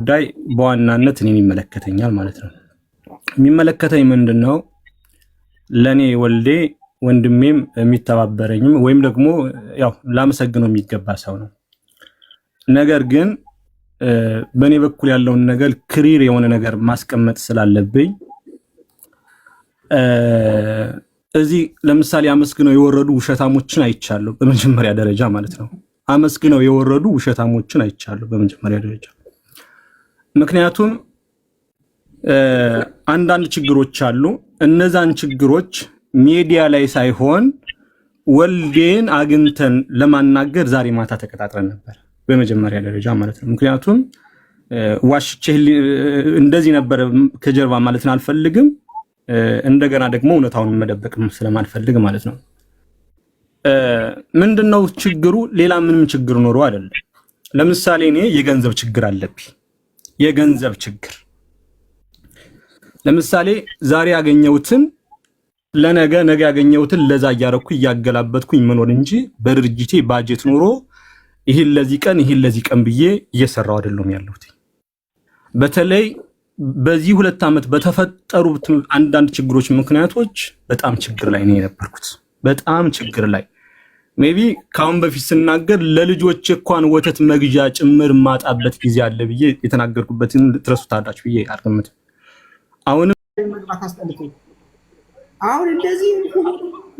ጉዳይ በዋናነት እኔን ይመለከተኛል ማለት ነው። የሚመለከተኝ ምንድን ነው? ለእኔ ወልዴ ወንድሜም የሚተባበረኝም ወይም ደግሞ ያው ላመሰግነው የሚገባ ሰው ነው። ነገር ግን በእኔ በኩል ያለውን ነገር ክሪር የሆነ ነገር ማስቀመጥ ስላለብኝ እዚህ ለምሳሌ አመስግነው የወረዱ ውሸታሞችን አይቻለሁ፣ በመጀመሪያ ደረጃ ማለት ነው። አመስግነው የወረዱ ውሸታሞችን አይቻለሁ፣ በመጀመሪያ ደረጃ ምክንያቱም አንዳንድ ችግሮች አሉ። እነዛን ችግሮች ሚዲያ ላይ ሳይሆን ወልዴን አግኝተን ለማናገር ዛሬ ማታ ተቀጣጥረን ነበር፣ በመጀመሪያ ደረጃ ማለት ነው። ምክንያቱም ዋሽቼ እንደዚህ ነበር ከጀርባ ማለትን አልፈልግም። እንደገና ደግሞ እውነታውን መደበቅ ስለማልፈልግ ማለት ነው። ምንድነው ችግሩ? ሌላ ምንም ችግር ኖሮ አይደለም። ለምሳሌ እኔ የገንዘብ ችግር አለብኝ። የገንዘብ ችግር ለምሳሌ ዛሬ ያገኘሁትን ለነገ ነገ ያገኘሁትን ለዛ እያረኩ እያገላበጥኩኝ መኖር እንጂ በድርጅቴ ባጀት ኑሮ ይህን ለዚህ ቀን ይህን ለዚህ ቀን ብዬ እየሰራው አይደለም ያለሁት። በተለይ በዚህ ሁለት ዓመት በተፈጠሩት አንዳንድ ችግሮች ምክንያቶች በጣም ችግር ላይ ነው የነበርኩት። በጣም ችግር ላይ ሜቢ ከአሁን በፊት ስናገር ለልጆች እንኳን ወተት መግዣ ጭምር ማጣበት ጊዜ አለ ብዬ የተናገርኩበትን ትረሱታላችሁ ብዬ አልገምትም። አሁንም አሁን እንደዚህ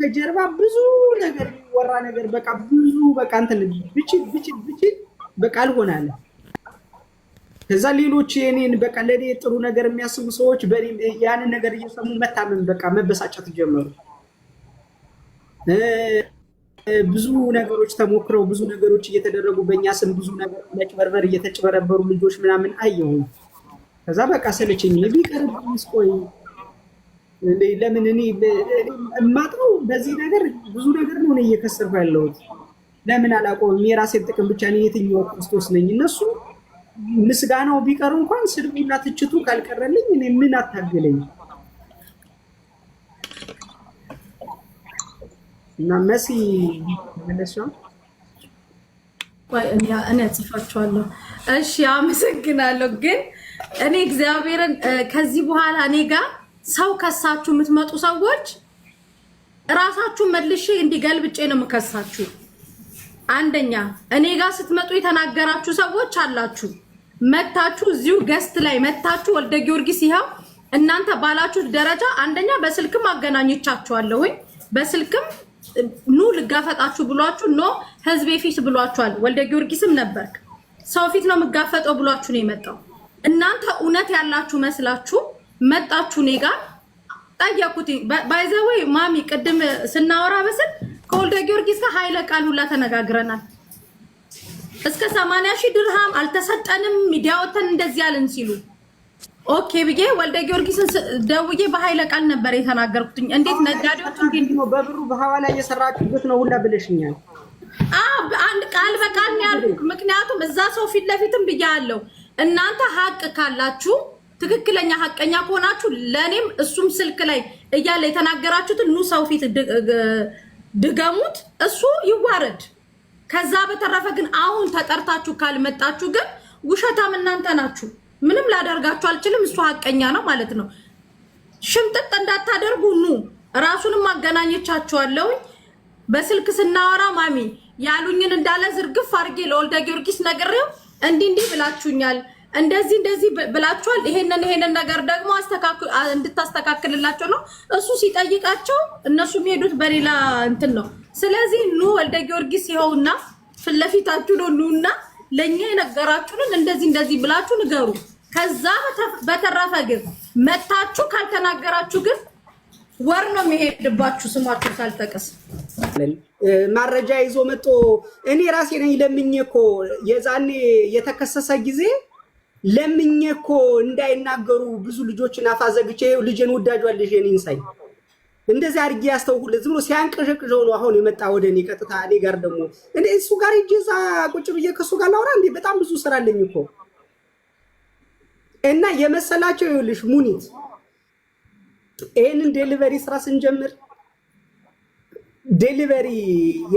ከጀርባ ብዙ ነገር ወራ ነገር በቃ ብዙ በቃ እንትን ብችል ብችል ብችል በቃ አልሆናለ። ከዛ ሌሎች የኔን በቃ ለእኔ ጥሩ ነገር የሚያስቡ ሰዎች ያንን ነገር እየሰሙ መታመን በቃ መበሳጨት ጀመሩ። ብዙ ነገሮች ተሞክረው ብዙ ነገሮች እየተደረጉ በእኛ ስም ብዙ ነገር ለጭበርበር እየተጭበረበሩ ልጆች ምናምን አየሁ። ከዛ በቃ ሰለችኝ። ቢቀርብስ ስቆይ ለምን እኔ እማጥረው በዚህ ነገር ብዙ ነገር ነው እየከሰርኩ ያለሁት ለምን አላቆምም? የራሴን ጥቅም ብቻ ነው። የትኛው ክርስቶስ ነኝ? እነሱ ምስጋናው ቢቀር እንኳን ስድቡና ትችቱ ካልቀረልኝ እኔ ምን አታገለኝ? እና መሲ መለሷ እኔ ጽፋችኋለሁ። እሺ አመሰግናለሁ። ግን እኔ እግዚአብሔርን ከዚህ በኋላ እኔ ጋር ሰው ከሳችሁ የምትመጡ ሰዎች እራሳችሁን መልሼ እንዲገልብጬ ነው የምከሳችሁ። አንደኛ እኔ ጋር ስትመጡ የተናገራችሁ ሰዎች አላችሁ። መታችሁ እዚሁ ገስት ላይ መታችሁ ወልደ ጊዮርጊስ ይኸው እናንተ ባላችሁት ደረጃ አንደኛ በስልክም አገናኝቻችኋለሁኝ በስልክም ኑ ልጋፈጣችሁ ብሏችሁ ኖ ህዝብ ፊት ብሏችኋል። ወልደ ጊዮርጊስም ነበርክ ሰው ፊት ነው የምጋፈጠው ብሏችሁ ነው የመጣው። እናንተ እውነት ያላችሁ መስላችሁ መጣችሁ እኔ ጋር ጠየኩት። ባይዘወይ ማሚ ቅድም ስናወራ በስል ከወልደ ጊዮርጊስ ጋር ኃይለ ቃል ሁላ ተነጋግረናል። እስከ ሰማንያ ሺህ ድርሃም አልተሰጠንም ሚዲያ ወተን እንደዚህ አልን ሲሉ ኦኬ ብዬ ወልደ ጊዮርጊስን ደውዬ በኃይለ ቃል ነበር የተናገርኩትኝ። እንዴት ነጋዴዎች እንዴት በብሩ በሐዋላ እየሰራችሁበት ነው ሁላ ብለሽኛል። አንድ ቃል በቃል ነው ምክንያቱም እዛ ሰው ፊት ለፊትም ብያለሁ። እናንተ ሀቅ ካላችሁ ትክክለኛ ሀቀኛ ከሆናችሁ ለእኔም እሱም ስልክ ላይ እያለ የተናገራችሁትን ኑ ሰው ፊት ድገሙት፣ እሱ ይዋረድ። ከዛ በተረፈ ግን አሁን ተጠርታችሁ ካልመጣችሁ ግን ውሸታም እናንተ ናችሁ። ምንም ላደርጋችሁ አልችልም። እሱ ሀቀኛ ነው ማለት ነው። ሽምጥጥ እንዳታደርጉ ኑ። ራሱንም አገናኘቻችኋለሁኝ በስልክ ስናወራ ማሚ ያሉኝን እንዳለ ዝርግፍ አድርጌ ለወልደ ጊዮርጊስ ነግሬው እንዲህ እንዲህ ብላችሁኛል፣ እንደዚህ እንደዚህ ብላችኋል፣ ይሄንን ይሄንን ነገር ደግሞ እንድታስተካክልላቸው ነው እሱ ሲጠይቃቸው፣ እነሱ የሚሄዱት በሌላ እንትን ነው። ስለዚህ ኑ ወልደ ጊዮርጊስ ይኸውና ፊት ለፊታችሁ ነው ኑና ለእኛ የነገራችሁንን እንደዚህ እንደዚህ ብላችሁ ንገሩ። ከዛ በተረፈ ግን መታችሁ ካልተናገራችሁ ግን ወር ነው የሚሄድባችሁ። ስማችሁ ካልጠቀስ ማረጃ ይዞ መጥቶ እኔ ራሴ ነኝ ለምኜ እኮ የዛኔ የተከሰሰ ጊዜ ለምኜ እኮ እንዳይናገሩ ብዙ ልጆችን አፋዘግቼ ልጄን ወዳጇ ልጄን ይንሳኝ እንደዚህ አድርጌ ያስተውሁለት ዝም ብሎ ሲያንቀዠቅዠው ነው አሁን የመጣ ወደ እኔ ቀጥታ። እኔ ጋር ደግሞ እኔ እሱ ጋር ሂጅ እዛ ቁጭ ብዬ ከእሱ ጋር ላውራ እንዴ? በጣም ብዙ ስራ አለኝ እኮ እና የመሰላቸው ይኸውልሽ፣ ሙኒት ይህንን ዴሊቨሪ ስራ ስንጀምር ዴሊቨሪ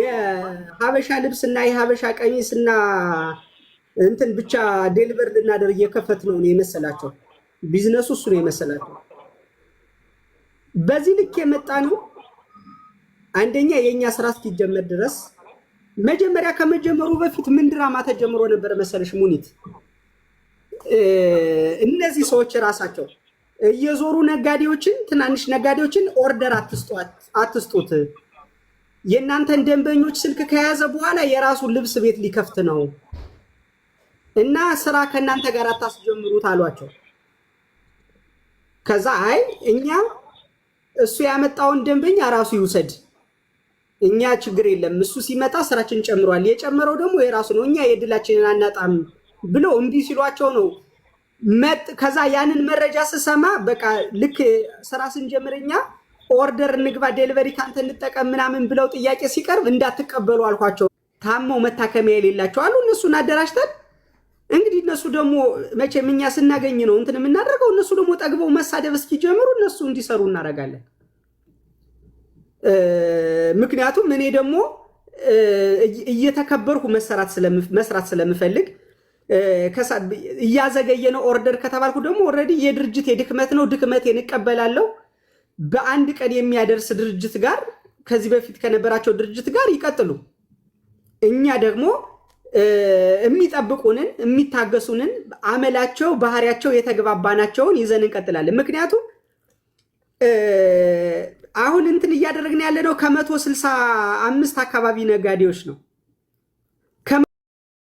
የሀበሻ ልብስ እና የሀበሻ ቀሚስ እና እንትን ብቻ ዴሊቨር ልናደርግ የከፈት ነው የመሰላቸው ቢዝነሱ እሱ ነው የመሰላቸው በዚህ ልክ የመጣ ነው። አንደኛ የእኛ ስራ እስኪጀመር ድረስ መጀመሪያ ከመጀመሩ በፊት ምን ድራማ ተጀምሮ ነበር መሰለሽ ሙኒት? እነዚህ ሰዎች ራሳቸው እየዞሩ ነጋዴዎችን፣ ትናንሽ ነጋዴዎችን ኦርደር አትስጡት፣ የእናንተን ደንበኞች ስልክ ከያዘ በኋላ የራሱ ልብስ ቤት ሊከፍት ነው እና ስራ ከእናንተ ጋር አታስጀምሩት አሏቸው። ከዛ አይ እኛ እሱ ያመጣውን ደንበኛ ራሱ ይውሰድ። እኛ ችግር የለም። እሱ ሲመጣ ስራችን ጨምሯል፣ የጨመረው ደግሞ የራሱ ነው። እኛ የድላችንን አናጣም ብለው እምቢ ሲሏቸው ነው መጥ ከዛ ያንን መረጃ ስሰማ በቃ ልክ ስራ ስንጀምር እኛ ኦርደር እንግባ ዴሊቨሪ ካንተ እንጠቀም ምናምን ብለው ጥያቄ ሲቀርብ እንዳትቀበሉ አልኳቸው። ታመው መታከሚያ የሌላቸው አሉ እነሱን አደራጅተን እንግዲህ እነሱ ደግሞ መቼም እኛ ስናገኝ ነው እንትን የምናደርገው። እነሱ ደግሞ ጠግበው መሳደብ እስኪጀምሩ እነሱ እንዲሰሩ እናደርጋለን። ምክንያቱም እኔ ደግሞ እየተከበርኩ መስራት ስለምፈልግ እያዘገየ ነው ኦርደር ከተባልኩ ደግሞ ኦልሬዲ የድርጅት የድክመት ነው፣ ድክመት እቀበላለሁ። በአንድ ቀን የሚያደርስ ድርጅት ጋር ከዚህ በፊት ከነበራቸው ድርጅት ጋር ይቀጥሉ። እኛ ደግሞ የሚጠብቁንን የሚታገሱንን አመላቸው ባህሪያቸው የተግባባናቸውን ይዘን እንቀጥላለን። ምክንያቱም አሁን እንትን እያደረግን ያለነው ከመቶ ስልሳ አምስት አካባቢ ነጋዴዎች ነው